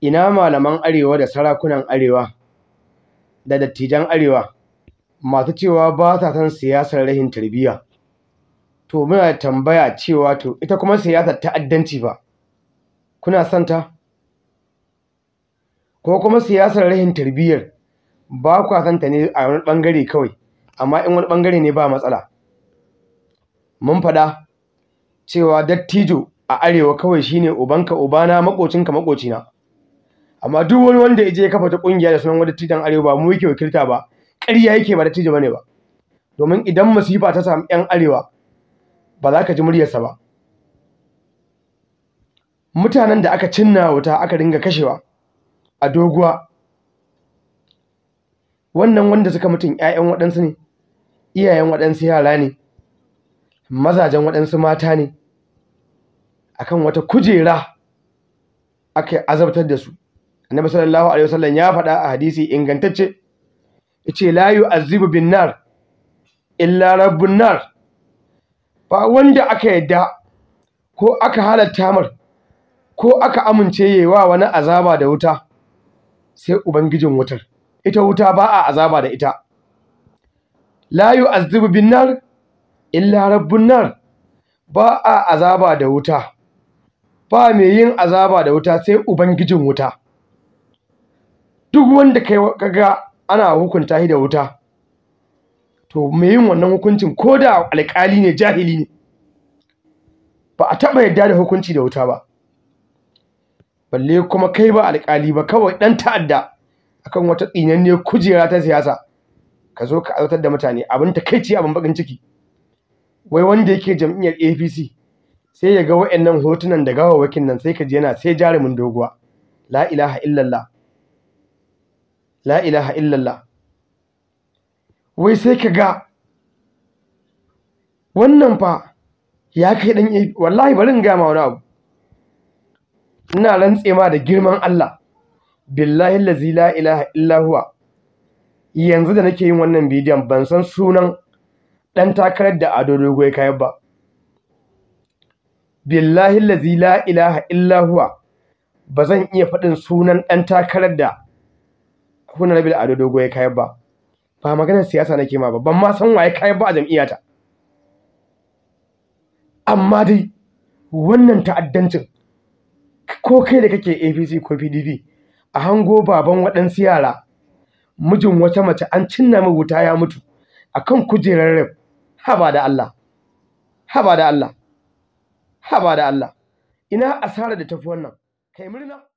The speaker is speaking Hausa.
Ina malaman Arewa da sarakunan Arewa da dattijan Arewa masu cewa ba sa son siyasar rahin tarbiyya? To muna tambaya cewa to ita kuma siyasar ta'addanci ba, kuna son ta? Ko kuma siyasar rahin tarbiyyar ba kwa son ta ne a wani ɓangare kawai, amma in wani bangare ne ba matsala. Mun faɗa cewa dattijo a Arewa kawai shine ubanka ubana makocinka makocina amma duk wani wanda ya je ya kafa ta kungiya da sunan wani dattijan arewa ba mu yake wakilta ba ƙarya yake ba dattijo bane ba domin idan masifa ta samu yan arewa ba za ka ji muryarsa ba mutanen da aka cinna wuta aka ringa kashewa a doguwa wannan wanda suka mutum 'ya'yan waɗansu ne iyayen waɗansu yara ne mazajen waɗansu mata ne akan wata kujera aka azabtar da su annabi sallallahu alaihi wasallam ya faɗa a hadisi ingantacce yace la yu'azzibu bin nar illa rabbun nar ba wanda aka yadda ko aka halatta mar ko aka amince yewa wani azaba da wuta sai ubangijin wutar ita wuta ba a azaba da ita la yu'azzibu bin nar illa rabbun nar ba a azaba da wuta ba mai yin azaba da wuta sai ubangijin wuta duk wanda kai kaga ana hukunta shi da wuta to me yin wannan hukuncin ko da alƙali ne jahili ne ba a taɓa yadda da hukunci da wuta ba balle kuma kai ba alƙali ba kawai ɗan ta'adda akan wata tsinanniyar kujera ta siyasa ka zo ka azautar da mutane abin ta kai abin bakin ciki wai wanda yake jam'iyyar apc sai ya ga wa'annan hotunan da gawawwakin nan sai ka ji yana sai jarumin doguwa la ilaha illallah la ilaha illallah wai sai ka ga wannan fa ya kai dan wallahi bari in ga ma wani abu ina rantse ma da girman Allah billahi allazi la ilaha illahu yanzu da nake yin wannan bidiyon ban san sunan dan takarar da Ado Dogo kai ba billahi allazi la ilaha illahu bazan iya faɗin sunan ɗan takarar da rabi da Ado Dogo ya kayar ba ba maganar siyasa nake ma ba ban ma san waye kayar ba a jam'iyyata amma dai wannan ta'addancin ko kai da kake APC ko PDP a hango baban waɗansu yara mijin wata mace an cinna mai wuta ya mutu akan kujerar rep haba da Allah haba da Allah haba da Allah ina asara da tafi wannan kai murna